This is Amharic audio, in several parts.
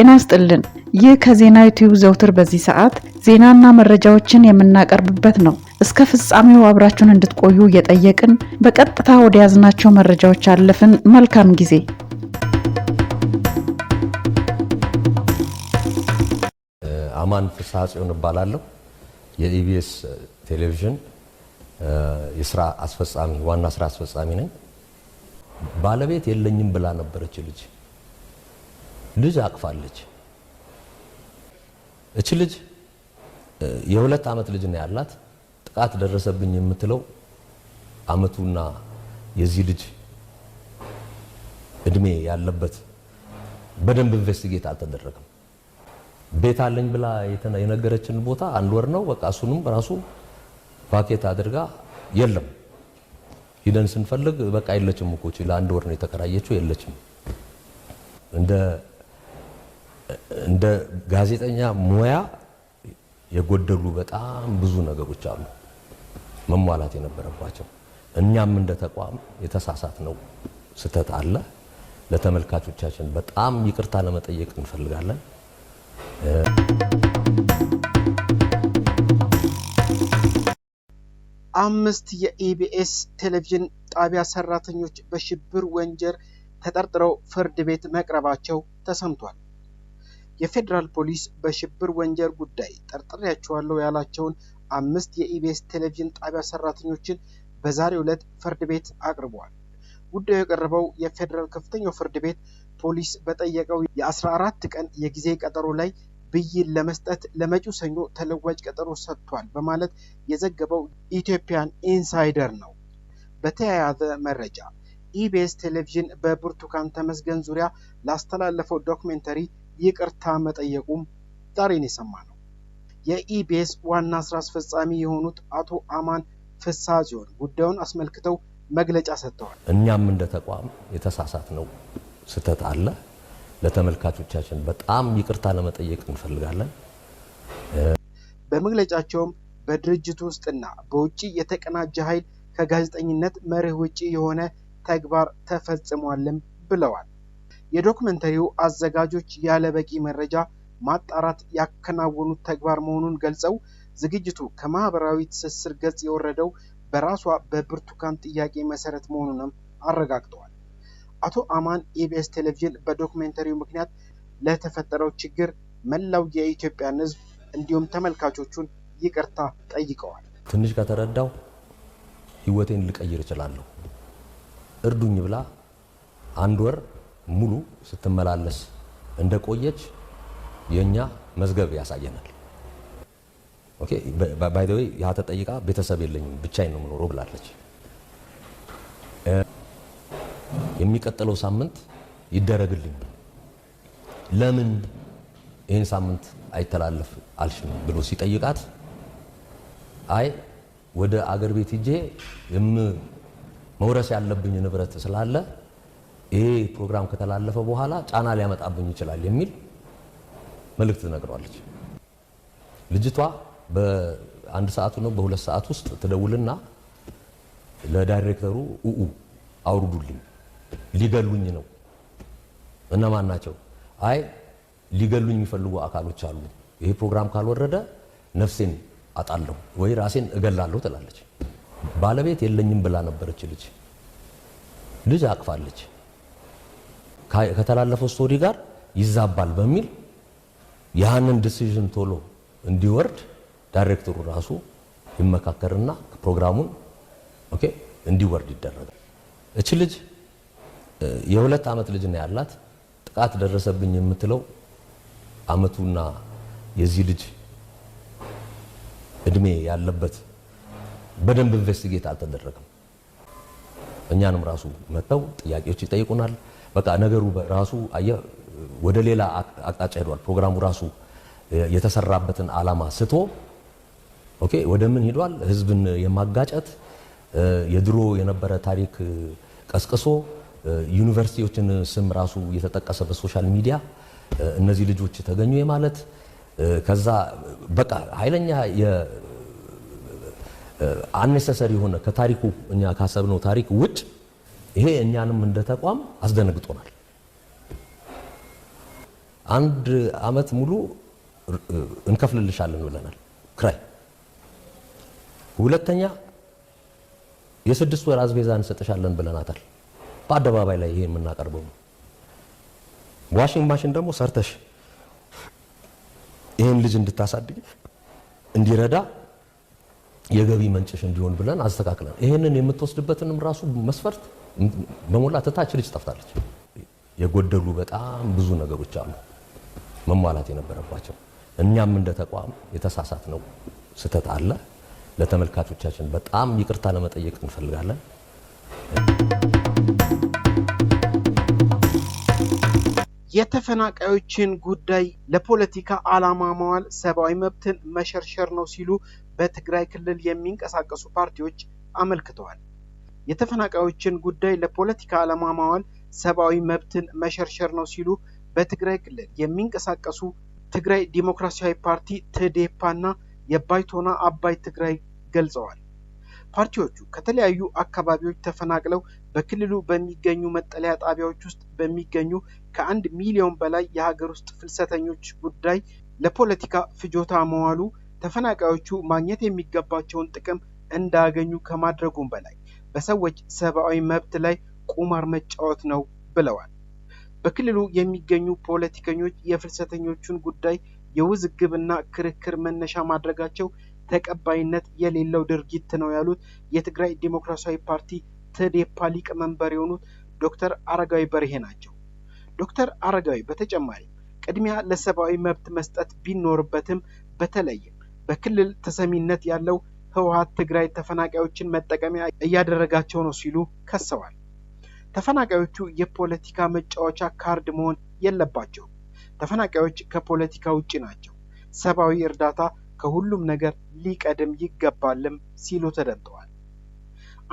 ጤና ይስጥልን። ይህ ከዜና ዩቲዩብ ዘውትር በዚህ ሰዓት ዜናና መረጃዎችን የምናቀርብበት ነው። እስከ ፍጻሜው አብራችሁን እንድትቆዩ እየጠየቅን በቀጥታ ወደ ያዝናቸው መረጃዎች አለፍን። መልካም ጊዜ። አማን ፍስሐ ጽዮን እባላለሁ። የኢቢኤስ ቴሌቪዥን የስራ አስፈጻሚ ዋና ስራ አስፈጻሚ ነኝ። ባለቤት የለኝም ብላ ነበረች ልጅ ልጅ አቅፋለች። እች ልጅ የሁለት ዓመት ልጅ ነው ያላት። ጥቃት ደረሰብኝ የምትለው ዓመቱና የዚህ ልጅ እድሜ ያለበት በደንብ ኢንቨስቲጌት አልተደረገም። ቤት አለኝ ብላ የነገረችን ቦታ አንድ ወር ነው በቃ። እሱንም ራሱ ፓኬት አድርጋ የለም ሂደን ስንፈልግ በቃ የለችም እኮ ለአንድ ወር ነው የተከራየችው የለችም እንደ እንደ ጋዜጠኛ ሙያ የጎደሉ በጣም ብዙ ነገሮች አሉ መሟላት የነበረባቸው። እኛም እንደ ተቋም የተሳሳት ነው ስህተት አለ። ለተመልካቾቻችን በጣም ይቅርታ ለመጠየቅ እንፈልጋለን። አምስት የኢቢኤስ ቴሌቪዥን ጣቢያ ሰራተኞች በሽብር ወንጀል ተጠርጥረው ፍርድ ቤት መቅረባቸው ተሰምቷል። የፌዴራል ፖሊስ በሽብር ወንጀል ጉዳይ ጠርጥሬያቸዋለሁ ያላቸውን አምስት የኢቢኤስ ቴሌቪዥን ጣቢያ ሰራተኞችን በዛሬው ዕለት ፍርድ ቤት አቅርቧል። ጉዳዩ የቀረበው የፌዴራል ከፍተኛው ፍርድ ቤት ፖሊስ በጠየቀው የ14 ቀን የጊዜ ቀጠሮ ላይ ብይን ለመስጠት ለመጪው ሰኞ ተለዋጭ ቀጠሮ ሰጥቷል በማለት የዘገበው ኢትዮጵያን ኢንሳይደር ነው። በተያያዘ መረጃ ኢቢኤስ ቴሌቪዥን በብርቱካን ተመስገን ዙሪያ ላስተላለፈው ዶክሜንተሪ ይቅርታ መጠየቁም ዛሬን የሰማ ነው። የኢቢኤስ ዋና ስራ አስፈጻሚ የሆኑት አቶ አማን ፍሳ ሲሆን ጉዳዩን አስመልክተው መግለጫ ሰጥተዋል። እኛም እንደ ተቋም የተሳሳት ነው ስህተት አለ። ለተመልካቾቻችን በጣም ይቅርታ ለመጠየቅ እንፈልጋለን። በመግለጫቸውም በድርጅቱ ውስጥና በውጭ የተቀናጀ ኃይል ከጋዜጠኝነት መርህ ውጭ የሆነ ተግባር ተፈጽሟልም ብለዋል። የዶክመንተሪው አዘጋጆች ያለ በቂ መረጃ ማጣራት ያከናወኑት ተግባር መሆኑን ገልጸው ዝግጅቱ ከማህበራዊ ትስስር ገጽ የወረደው በራሷ በብርቱካን ጥያቄ መሰረት መሆኑንም አረጋግጠዋል። አቶ አማን ኢቢኤስ ቴሌቪዥን በዶክሜንተሪው ምክንያት ለተፈጠረው ችግር መላው የኢትዮጵያን ሕዝብ እንዲሁም ተመልካቾቹን ይቅርታ ጠይቀዋል። ትንሽ ከተረዳው ህይወቴን ልቀይር እችላለሁ፣ እርዱኝ ብላ አንድ ወር ሙሉ ስትመላለስ እንደቆየች የእኛ መዝገብ ያሳየናል። ኦኬ ባይ ዘ ዌይ ያ ተጠይቃ ቤተሰብ የለኝም ብቻዬን ነው የምኖረው ብላለች። የሚቀጥለው ሳምንት ይደረግልኝ ለምን ይህን ሳምንት አይተላለፍ አልሽም ብሎ ሲጠይቃት አይ ወደ አገር ቤት ሂጄ መውረስ ያለብኝ ንብረት ስላለ ይሄ ፕሮግራም ከተላለፈ በኋላ ጫና ሊያመጣብኝ ይችላል የሚል መልእክት ትነግረዋለች። ልጅቷ በአንድ ሰዓቱ ነው በሁለት ሰዓት ውስጥ ትደውልና ለዳይሬክተሩ ኡኡ አውርዱልኝ፣ ሊገሉኝ ነው። እነማን ናቸው? አይ ሊገሉኝ የሚፈልጉ አካሎች አሉ፣ ይሄ ፕሮግራም ካልወረደ ነፍሴን አጣለሁ ወይ ራሴን እገላለሁ ትላለች። ባለቤት የለኝም ብላ ነበረች። ልጅ ልጅ አቅፋለች። ከተላለፈው ስቶሪ ጋር ይዛባል በሚል ያንን ዲሲዥን ቶሎ እንዲወርድ ዳይሬክተሩ ራሱ ይመካከርና ፕሮግራሙን ኦኬ እንዲወርድ ይደረጋል። እች ልጅ የሁለት ዓመት ልጅ ነው ያላት። ጥቃት ደረሰብኝ የምትለው ዓመቱና የዚህ ልጅ እድሜ ያለበት በደንብ ኢንቨስቲጌት አልተደረገም። እኛንም ራሱ መጥተው ጥያቄዎች ይጠይቁናል። በቃ ነገሩ ራሱ አየህ ወደ ሌላ አቅጣጫ ሄዷል። ፕሮግራሙ ራሱ የተሰራበትን ዓላማ ስቶ ኦኬ ወደ ምን ሄዷል? ህዝብን የማጋጨት የድሮ የነበረ ታሪክ ቀስቅሶ ዩኒቨርሲቲዎችን ስም ራሱ የተጠቀሰ በሶሻል ሚዲያ እነዚህ ልጆች ተገኙ የማለት ከዛ በቃ ኃይለኛ አንኔሰሰሪ የሆነ ከታሪኩ እኛ ካሰብነው ታሪክ ውጭ ይሄ እኛንም እንደ ተቋም አስደነግጦናል። አንድ አመት ሙሉ እንከፍልልሻለን ብለናል ክራይ። ሁለተኛ የስድስት ወር አዝቤዛ እንሰጥሻለን ብለናታል። በአደባባይ ላይ ይሄ የምናቀርበው ነው። ዋሽንግ ማሽን ደግሞ ሰርተሽ ይህን ልጅ እንድታሳድግ እንዲረዳ የገቢ መንጭሽ እንዲሆን ብለን አስተካክለን ይህንን የምትወስድበትንም ራሱ መስፈርት በሞላ ትታች ልጅ ጠፍታለች። የጎደሉ በጣም ብዙ ነገሮች አሉ መሟላት የነበረባቸው። እኛም እንደ ተቋም የተሳሳት ነው ስህተት አለ። ለተመልካቾቻችን በጣም ይቅርታ ለመጠየቅ እንፈልጋለን። የተፈናቃዮችን ጉዳይ ለፖለቲካ ዓላማ መዋል ሰብአዊ መብትን መሸርሸር ነው ሲሉ በትግራይ ክልል የሚንቀሳቀሱ ፓርቲዎች አመልክተዋል። የተፈናቃዮችን ጉዳይ ለፖለቲካ ዓላማ ማዋል ሰብአዊ መብትን መሸርሸር ነው ሲሉ በትግራይ ክልል የሚንቀሳቀሱ ትግራይ ዲሞክራሲያዊ ፓርቲ ትዴፓና የባይቶና አባይ ትግራይ ገልጸዋል። ፓርቲዎቹ ከተለያዩ አካባቢዎች ተፈናቅለው በክልሉ በሚገኙ መጠለያ ጣቢያዎች ውስጥ በሚገኙ ከአንድ ሚሊዮን በላይ የሀገር ውስጥ ፍልሰተኞች ጉዳይ ለፖለቲካ ፍጆታ መዋሉ ተፈናቃዮቹ ማግኘት የሚገባቸውን ጥቅም እንዳያገኙ ከማድረጉም በላይ በሰዎች ሰብአዊ መብት ላይ ቁማር መጫወት ነው ብለዋል። በክልሉ የሚገኙ ፖለቲከኞች የፍልሰተኞቹን ጉዳይ የውዝግብና ክርክር መነሻ ማድረጋቸው ተቀባይነት የሌለው ድርጊት ነው ያሉት የትግራይ ዴሞክራሲያዊ ፓርቲ ትዴፓ ሊቀመንበር የሆኑት ዶክተር አረጋዊ በርሄ ናቸው። ዶክተር አረጋዊ በተጨማሪም ቅድሚያ ለሰብአዊ መብት መስጠት ቢኖርበትም በተለይም በክልል ተሰሚነት ያለው ህወሀት ትግራይ ተፈናቃዮችን መጠቀሚያ እያደረጋቸው ነው ሲሉ ከሰዋል። ተፈናቃዮቹ የፖለቲካ መጫወቻ ካርድ መሆን የለባቸው። ተፈናቃዮች ከፖለቲካ ውጭ ናቸው። ሰብአዊ እርዳታ ከሁሉም ነገር ሊቀድም ይገባልም ሲሉ ተደምጠዋል።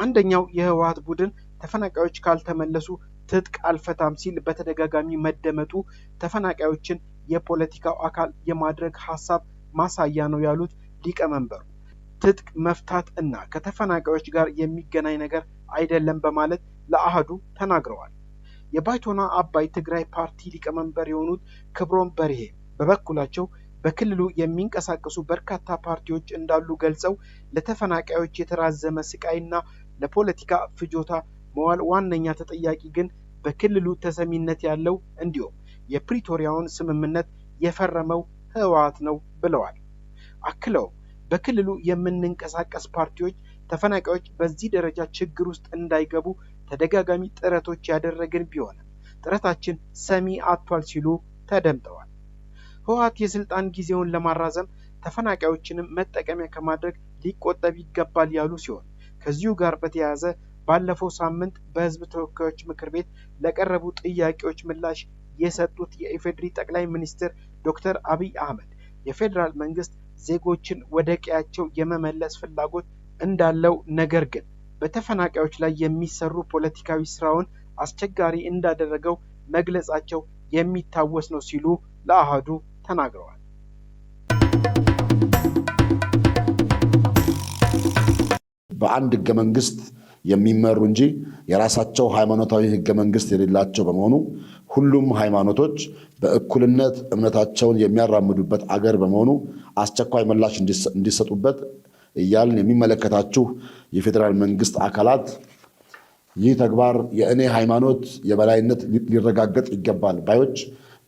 አንደኛው የህወሀት ቡድን ተፈናቃዮች ካልተመለሱ ትጥቅ አልፈታም ሲል በተደጋጋሚ መደመጡ ተፈናቃዮችን የፖለቲካው አካል የማድረግ ሀሳብ ማሳያ ነው ያሉት ሊቀመንበሩ ትጥቅ መፍታት እና ከተፈናቃዮች ጋር የሚገናኝ ነገር አይደለም በማለት ለአህዱ ተናግረዋል። የባይቶና አባይ ትግራይ ፓርቲ ሊቀመንበር የሆኑት ክብሮም በርሄ በበኩላቸው በክልሉ የሚንቀሳቀሱ በርካታ ፓርቲዎች እንዳሉ ገልጸው ለተፈናቃዮች የተራዘመ ስቃይና ለፖለቲካ ፍጆታ መዋል ዋነኛ ተጠያቂ ግን በክልሉ ተሰሚነት ያለው እንዲሁም የፕሪቶሪያውን ስምምነት የፈረመው ህወሓት ነው ብለዋል። አክለውም በክልሉ የምንንቀሳቀስ ፓርቲዎች ተፈናቃዮች በዚህ ደረጃ ችግር ውስጥ እንዳይገቡ ተደጋጋሚ ጥረቶች ያደረግን ቢሆንም ጥረታችን ሰሚ አጥቷል ሲሉ ተደምጠዋል። ህወሓት የስልጣን ጊዜውን ለማራዘም ተፈናቃዮችንም መጠቀሚያ ከማድረግ ሊቆጠብ ይገባል ያሉ ሲሆን ከዚሁ ጋር በተያያዘ ባለፈው ሳምንት በህዝብ ተወካዮች ምክር ቤት ለቀረቡ ጥያቄዎች ምላሽ የሰጡት የኢፌዴሪ ጠቅላይ ሚኒስትር ዶክተር አብይ አህመድ የፌዴራል መንግስት ዜጎችን ወደ ቀያቸው የመመለስ ፍላጎት እንዳለው ነገር ግን በተፈናቃዮች ላይ የሚሰሩ ፖለቲካዊ ስራውን አስቸጋሪ እንዳደረገው መግለጻቸው የሚታወስ ነው ሲሉ ለአህዱ ተናግረዋል። በአንድ ህገ መንግስት የሚመሩ እንጂ የራሳቸው ሃይማኖታዊ ህገ መንግስት የሌላቸው በመሆኑ ሁሉም ሃይማኖቶች በእኩልነት እምነታቸውን የሚያራምዱበት አገር በመሆኑ አስቸኳይ ምላሽ እንዲሰጡበት እያልን የሚመለከታችሁ የፌዴራል መንግስት አካላት ይህ ተግባር የእኔ ሃይማኖት የበላይነት ሊረጋገጥ ይገባል ባዮች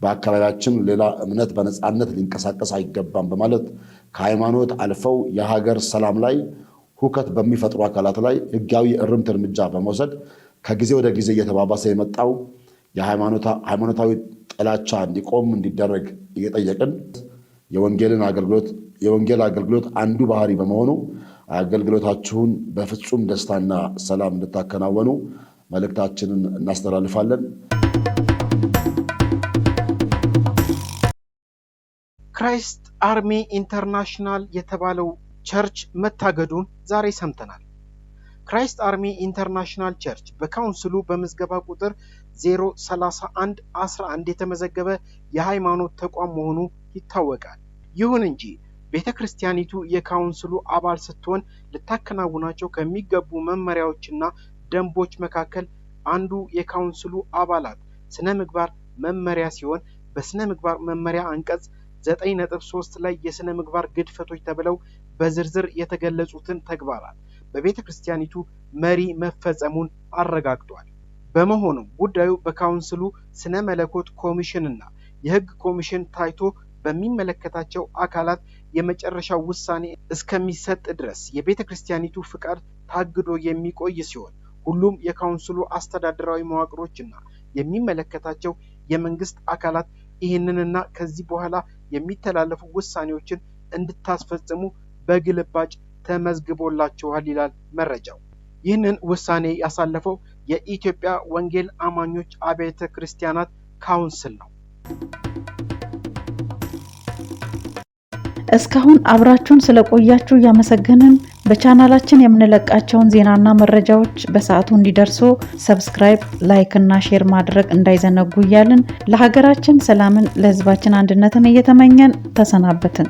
በአካባቢያችን ሌላ እምነት በነፃነት ሊንቀሳቀስ አይገባም በማለት ከሃይማኖት አልፈው የሀገር ሰላም ላይ ሁከት በሚፈጥሩ አካላት ላይ ህጋዊ እርምት እርምጃ በመውሰድ ከጊዜ ወደ ጊዜ እየተባባሰ የመጣው የሃይማኖታዊ ጥላቻ እንዲቆም እንዲደረግ እየጠየቅን የወንጌልን አገልግሎት የወንጌል አገልግሎት አንዱ ባህሪ በመሆኑ አገልግሎታችሁን በፍጹም ደስታና ሰላም እንድታከናወኑ መልእክታችንን እናስተላልፋለን። ክራይስት አርሚ ኢንተርናሽናል የተባለው ቸርች መታገዱን ዛሬ ሰምተናል። ክራይስት አርሚ ኢንተርናሽናል ቸርች በካውንስሉ በምዝገባ ቁጥር 031 11 የተመዘገበ የሃይማኖት ተቋም መሆኑ ይታወቃል። ይሁን እንጂ ቤተ ክርስቲያኒቱ የካውንስሉ አባል ስትሆን ልታከናውናቸው ከሚገቡ መመሪያዎችና ደንቦች መካከል አንዱ የካውንስሉ አባላት ስነ ምግባር መመሪያ ሲሆን በስነ ምግባር መመሪያ አንቀጽ 9.3 ላይ የስነ ምግባር ግድፈቶች ተብለው በዝርዝር የተገለጹትን ተግባራት በቤተ ክርስቲያኒቱ መሪ መፈጸሙን አረጋግጧል። በመሆኑ ጉዳዩ በካውንስሉ ስነ መለኮት ኮሚሽንና የህግ ኮሚሽን ታይቶ በሚመለከታቸው አካላት የመጨረሻ ውሳኔ እስከሚሰጥ ድረስ የቤተ ክርስቲያኒቱ ፍቃድ ታግዶ የሚቆይ ሲሆን ሁሉም የካውንስሉ አስተዳደራዊ መዋቅሮችና የሚመለከታቸው የመንግስት አካላት ይህንንና ከዚህ በኋላ የሚተላለፉ ውሳኔዎችን እንድታስፈጽሙ በግልባጭ ተመዝግቦላችኋል ይላል መረጃው። ይህንን ውሳኔ ያሳለፈው የኢትዮጵያ ወንጌል አማኞች አብያተ ክርስቲያናት ካውንስል ነው። እስካሁን አብራችሁን ስለቆያችሁ እያመሰገንን በቻናላችን የምንለቃቸውን ዜናና መረጃዎች በሰዓቱ እንዲደርሱ ሰብስክራይብ፣ ላይክ እና ሼር ማድረግ እንዳይዘነጉ እያልን ለሀገራችን ሰላምን ለሕዝባችን አንድነትን እየተመኘን ተሰናበትን።